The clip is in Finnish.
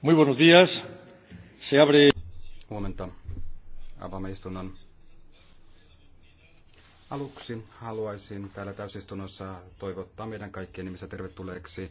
Muy buenos días. Se abre... Huomenta. Avaamme istunnon. Aluksi haluaisin täällä täysistunnossa toivottaa meidän kaikkien nimissä tervetulleeksi